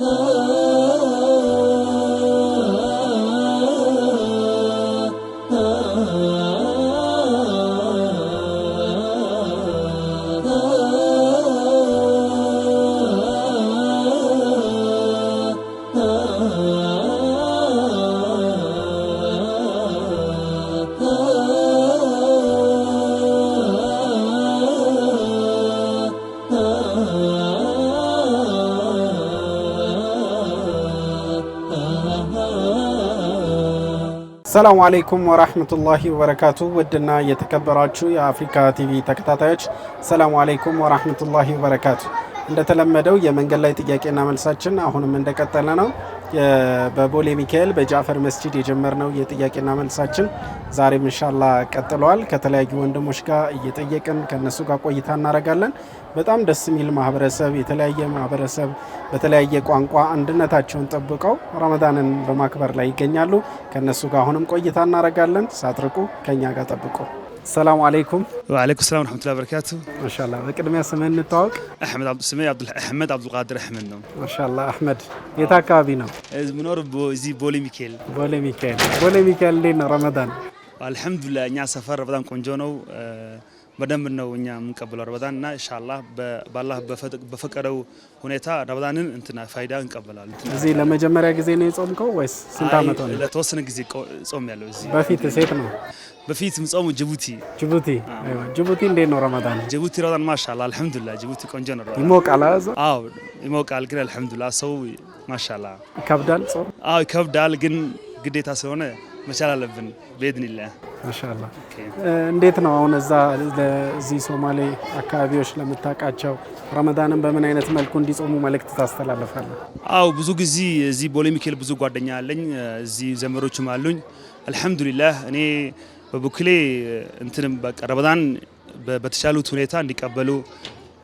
Oh. አሰላሙ አሌይኩም ወራህመቱላሂ ወበረካቱ። ውድና የተከበራችሁ የአፍሪካ ቲቪ ተከታታዮች አሰላሙ አሌይኩም ወራህመቱላሂ ወበረካቱ። እንደተለመደው የመንገድ ላይ ጥያቄና መልሳችን አሁንም እንደቀጠለ ነው። በቦሌ ሚካኤል በጃፈር መስጂድ የጀመርነው የጥያቄና መልሳችን ዛሬም እንሻላ ቀጥለዋል። ከተለያዩ ወንድሞች ጋር እየጠየቅን ከነሱ ጋር ቆይታ እናደርጋለን። በጣም ደስ የሚል ማህበረሰብ፣ የተለያየ ማህበረሰብ በተለያየ ቋንቋ አንድነታቸውን ጠብቀው ረመዳንን በማክበር ላይ ይገኛሉ። ከነሱ ጋር አሁንም ቆይታ እናደርጋለን። ሳትርቁ ከኛ ጋር ጠብቀው። ሰላም አለይኩም ወዓለይኩም ሰላም ረሕመቱላሂ ወበረካቱ። ማሻላ በቅድሚያ ስምህን እንተዋወቅ። አሕመድ አብዱ ስሜ አሕመድ አብዱልቃድር አሕመድ ነው። ማሻላ አሕመድ፣ የት አካባቢ ነው ምኖር? እዚህ ቦሌ ሚካኤል። ቦሌ ሚካኤል፣ ቦሌ ሚካኤል። እንዴት ነው ረመዳን? አልሐምዱሊላህ እኛ ሰፈር በጣም ቆንጆ ነው። በደንብ ነው እኛ የምንቀበለው ረመዳን እና ኢንሻአላህ በአላህ በፈቀደው ሁኔታ ረመዳንን እንትና ፋይዳ እንቀበላለን። እዚህ ለመጀመሪያ ጊዜ ነው የጾምከው ወይስ ስንት ዓመት ነው? ለተወሰነ ጊዜ ጾም ያለው እዚህ። በፊት ሴት ነው በፊት ምጾሙ ጅቡቲ ጅቡቲ ጅቡቲ እንዴት ነው ረመዳን? ጅቡቲ ረመዳን ማሻአላ አልሐምዱሊላህ። ጅቡቲ ቆንጆ ነው። ይሞቃል። አዎ ይሞቃል፣ ግን አልሐምዱሊላህ ሰው ማሻአላ። ይከብዳል ጾም? አዎ ይከብዳል፣ ግን ግዴታ ስለሆነ መቻል አለብን። በኢድኒላህ ማሻአላ። እንዴት ነው አሁን እዛ እዚህ ሶማሌ አካባቢዎች ለምታውቃቸው ረመዳንን በምን አይነት መልኩ እንዲጾሙ መልእክት ታስተላልፋለህ? አው ብዙ ጊዜ እዚህ ቦሌ ሚካኤል ብዙ ጓደኛ አለኝ፣ እዚህ ዘመዶችም አሉኝ። አልሐምዱሊላህ እኔ በቡክሌ እንትንም በቃ ረመዳን በተሻሉት ሁኔታ እንዲቀበሉ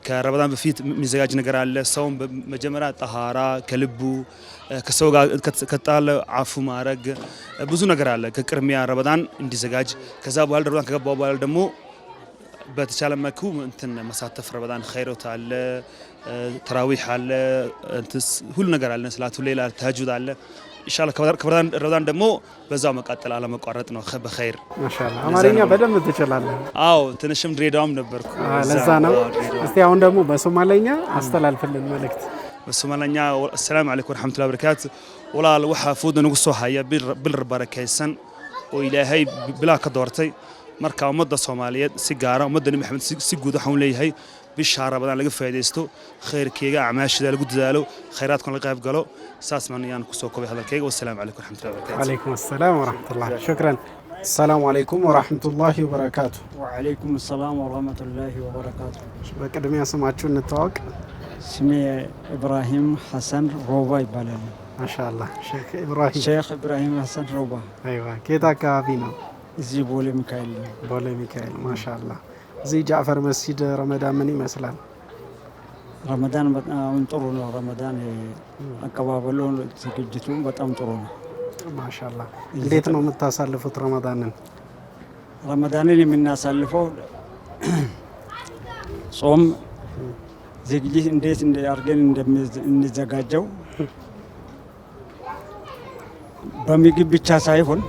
ከረመዳን በፊት የሚዘጋጅ ነገር አለ። ሰውን መጀመሪያ ጠሃራ ከልቡ ከሰው ጋር ከጣለ አፉ ማድረግ ብዙ ነገር አለ። ከቅድሚያ ረመዳን እንዲዘጋጅ ከዛ በኋላ ረመዳን ከገባ በኋላ ደግሞ በተቻለ መልኩ እንትን መሳተፍ ረመዳን ኸይሮት አለ፣ ተራዊህ አለ፣ ሁሉ ነገር አለ። ስላቱ ሌላ ተሀጁድ አለ። ኢንሻአላ ከበረን ረመዳን ደግሞ በዛው መቃጠል አለመቋረጥ ነው። በኸይር ማሻአላ አማርኛ በደንብ ትችላለህ? አዎ ትንሽም ድሬዳዋም ነበርኩ። ለዛ ነው። እስቲ አሁን ደግሞ በሶማለኛ አስተላልፍልን መልእክት። በሶማለኛ ሰላም አለይኩም ወራህመቱላሂ ወበረካቱ ወላል waxa fooda nagu soo haya bil barakaysan oo ilaahay bilaa ka doortay marka ummadda Soomaaliyeed si gaar ah ummadda Maxamed si guud waxa uu leeyahay bishaara badan laga faa'idaysto khayrkeyga acmaashida lagu dadaalo khayraadkuna la qayb galo saas man ayaan kusoo kobay hadalkayga wasalaamu calaykum waraxmatullahi wabarakatu calaykum assalaam waraxmatullah shukran السلام عليكم ورحمة الله وبركاته وعليكم السلام ورحمة الله وبركاته بقدم يا سماعتشون نتوك اسمي إبراهيم حسن روبا يبالي ما شاء الله شيخ إبراهيم شيخ إبراهيم حسن روبا أيوة كيتا كابينا زي بولي ميكائيل بولي ميكائيل ما شاء الله እዚህ ጃዕፈር መስጂድ ረመዳን ምን ይመስላል? ረመዳን በጣም ጥሩ ነው። ረመዳን አቀባበሉ፣ ዝግጅቱ በጣም ጥሩ ነው። ማሻላ እንዴት ነው የምታሳልፉት ረመዳንን? ረመዳንን የምናሳልፈው ጾም ዝግጅት እንዴት አድርገን እንደሚዘጋጀው በምግብ ብቻ ሳይሆን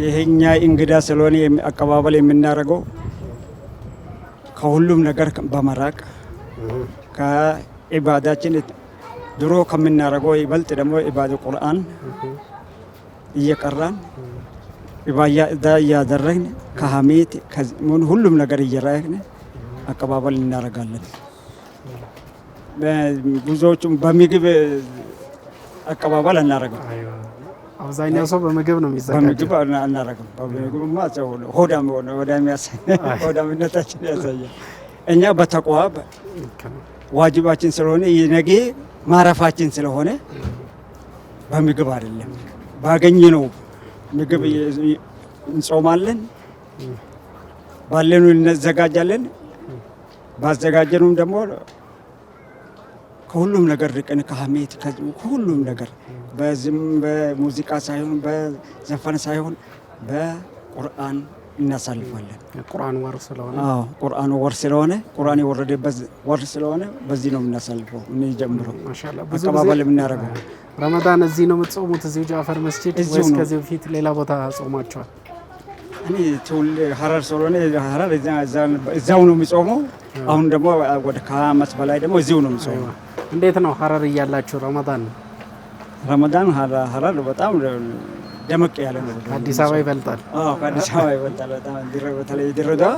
ይሄኛ እንግዳ ስለሆነ አቀባበል የምናደርገው ከሁሉም ነገር በመራቅ ከኢባዳችን ድሮ ከምናደርገው ይበልጥ ደግሞ ኢባዳ ቁርአን እየቀራን ኢባዳ እያደረግን ከሀሜት ሁሉም ነገር እየራቅን አቀባበል እናደርጋለን። ብዙዎቹም በምግብ አቀባበል አናደርግም። አብዛኛው ሰው በምግብ ነው የሚዘጋጀው። በምግብ አናረግም። በምግብማ ሰው ሆዳም ሆነ ሆዳም ሆዳምነታችን ያሳያል። እኛ በተቋብ ዋጅባችን ስለሆነ የነገ ማረፋችን ስለሆነ በምግብ አይደለም። ባገኘ ነው ምግብ እንጾማለን፣ ባለኑ እንዘጋጃለን። ባዘጋጀኑም ደግሞ ከሁሉም ነገር ርቅን፣ ከሀሜት ከሁሉም ነገር በዝም በሙዚቃ ሳይሆን በዘፈን ሳይሆን በቁርአን እናሳልፋለን። ቁርአን ወር ስለሆነ አዎ፣ ቁርአን ወር ስለሆነ ቁርአን የወረደበት ወር ስለሆነ በዚህ ነው የምናሳልፈው። እኔ ጀምረው አቀባበል የምናደርገው ረመዳን እዚህ ነው የምትጾሙት? እዚሁ ጃፈር መስጂድ ወይስ ከዚህ በፊት ሌላ ቦታ ጾማቸዋል? እኔ ትውልድ ሀረር ስለሆነ ሀረር እዛው ነው የሚጾመው። አሁን ደግሞ ወደ ከዓመት በላይ ደግሞ እዚሁ ነው የሚጾመው። እንዴት ነው ሀረር እያላችሁ ረመዳን ረመዳን ሀረር በጣም ደመቅ ያለ ነው። አዲስ አበባ ይበልጣል። ከአዲስ አበባ ይበልጣል። በጣም በተለይ ድሬዳዋ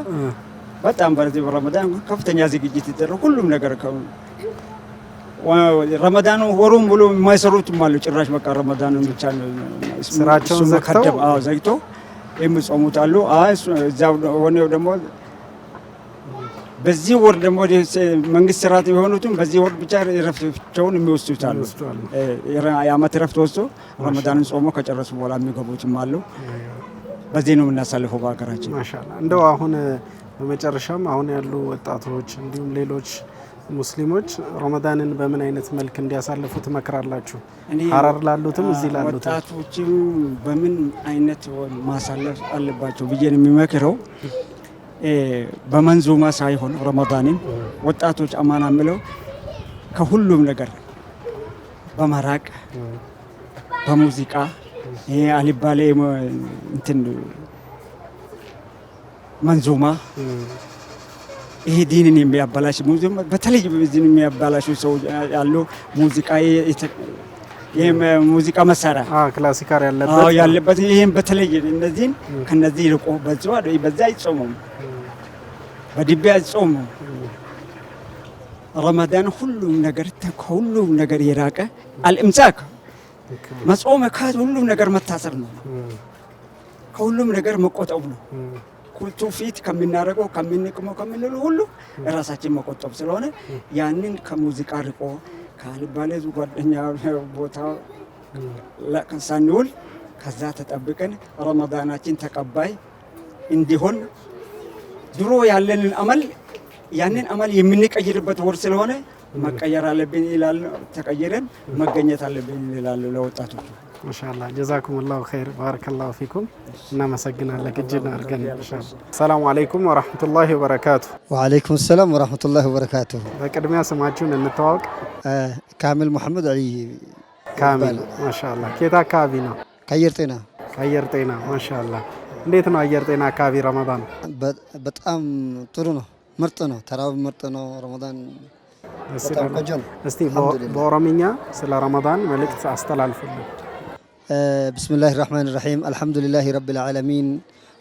በጣም በዚህ በረመዳን ከፍተኛ ዝግጅት ይደረግ ሁሉም ነገር ረመዳን ወሩም ብሎ የማይሰሩትም አሉ። ጭራሽ በቃ ረመዳኑ ብቻ ስራቸውን ዘግተው ዘግቶ የሚጾሙት አሉ። እዛ ሆነው ደግሞ በዚህ ወር ደግሞ መንግስት ስራት የሆኑትም በዚህ ወር ብቻ ረፍታቸውን የሚወስዱት አሉ። የአመት ረፍት ወስዶ ረመዳንን ጾሞ ከጨረሱ በኋላ የሚገቡትም አሉ። በዚህ ነው የምናሳልፈው በሀገራችን። ማሻላ እንደው አሁን በመጨረሻም አሁን ያሉ ወጣቶች እንዲሁም ሌሎች ሙስሊሞች ረመዳንን በምን አይነት መልክ እንዲያሳልፉ ትመክራላችሁ? ሀረር ላሉትም እዚህ ላሉትም ወጣቶችም በምን አይነት ማሳለፍ አለባቸው ብዬ ነው የሚመክረው በመንዙማ ሳይሆን ረመዳንን ወጣቶች አማና የምለው ከሁሉም ነገር በመራቅ በሙዚቃ አልባሌ እንትን መንዙማ ይሄ ዲንን የሚያበላሽ በተለይ ዲን የሚያበላሹ ሰው ያሉ ሙዚቃ ሙዚቃ መሳሪያ ክላሲካል ያለበት ይህም በተለይ እነዚህን ከነዚህ ርቆ በዛ ይጾሙም በድቤ ጾም ረመዳን ሁሉም ነገር ከሁሉም ነገር የራቀ አልእምሳክ መጾም ከሁሉም ነገር መታሰር ነው። ከሁሉም ነገር መቆጠብ ነው። ኩልቱ ፊት ከሚናረገው ከሚንቅመው ከምንሉ ሁሉ ራሳችን መቆጠብ ስለሆነ ያንን ከሙዚቃ ርቆ ከአልባሌ ጓደኛ ቦታ ሳንውል ከዛ ተጠብቀን ረመዳናችን ተቀባይ እንዲሆን ድሮ ያለንን አመል ያንን አመል የምንቀይርበት ወር ስለሆነ መቀየር አለብን ይላል። ተቀይረን መገኘት አለብን ይላሉ ለወጣቶቹ። ማሻላ ጀዛኩም ላሁ ኸይር ባረከላሁ ፊኩም። እናመሰግናለን እጅን አድርገን። ሰላሙ አለይኩም ወረህመቱላሂ ወበረካቱ። ወአለይኩም ሰላም ወረህመቱላሂ ወበረካቱ። በቅድሚያ ስማችሁን እንተዋወቅ። ካሚል መሐመድ አሊ። ካሚል ማሻላ። ኬት አካባቢ ነው? ከየር ጤና። ከየር ጤና ማሻላ እንዴት ነው አየር ጤና አካባቢ ረመዳን? በጣም ጥሩ ነው፣ ምርጥ ነው። ተራው ምርጥ ነው። ረመዳን እስቲ በኦሮምኛ ስለ ረመዳን መልእክት አስተላልፉልን። بسم الله الرحمن الرحيم الحمد لله رب العالمين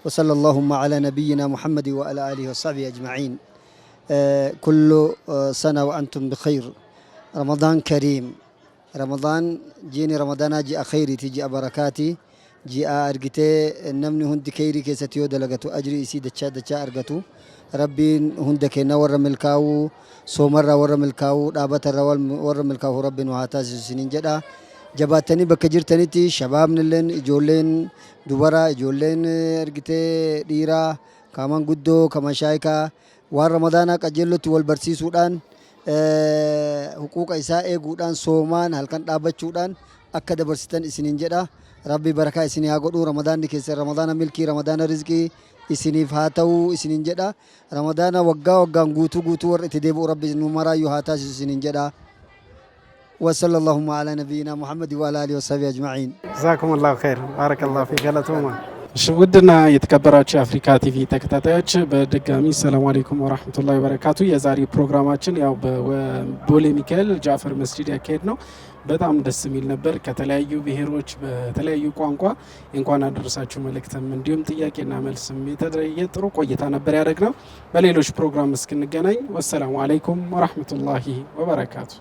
وصلى اللهم على نبينا محمد وعلى آله وصحبه أجمعين كل سنة وأنتم بخير رمضان كريم رمضان جيني رمضان أجي أخيري تجي أبركاتي ji'a argitee namni hundi keerii keessatti yoo dalagatu ajrii isii dachaa dachaa argatu rabbiin hunda keenya warra milkaa'uu soomarraa warra milkaa'uu dhaabatarraa warra milkaa'uu rabbiin waa taasisu isiniin jedha. Jabaattanii bakka jirtanitti shabaabnilleen ijoolleen dubaraa ijoolleen argitee dhiiraa kaaman guddoo kaaman shaayikaa waan ramadaanaa qajeellotti wal barsiisuudhaan huquuqa isaa eeguudhaan soomaan halkan dhaabachuudhaan akka dabarsitan isiniin jedha. rabbi barakaa isin haa godhuu ramadaanni keessa ramadaana milkii ramadaana rizqii isiniif haa ta'uu isinin jedha ramadaana waggaa waggaan guutuu guutuu warra itti deebi'u rabbi nu maraayyuu haa taasisu isinin jedha وصلى اللهم على نبينا محمد وعلى اله وصحبه اجمعين جزاكم الله خير بارك الله فيك ገለቶማ እሺ ውድና የተከበራችሁ የአፍሪካ ቲቪ ተከታታዮች በድጋሚ ሰላም አለይኩም ወራህመቱላሂ ወበረካቱ። የዛሬ ፕሮግራማችን ያው በቦሌ ሚካኤል ጃፈር መስጂድ ያካሄድ ነው። በጣም ደስ የሚል ነበር። ከተለያዩ ብሔሮች በተለያዩ ቋንቋ እንኳን አደረሳችሁ መልእክትም እንዲሁም ጥያቄና መልስም የተለየ ጥሩ ቆይታ ነበር ያደረግነው። በሌሎች ፕሮግራም እስክንገናኝ ወሰላሙ አለይኩም ወራህመቱላሂ ወበረካቱ።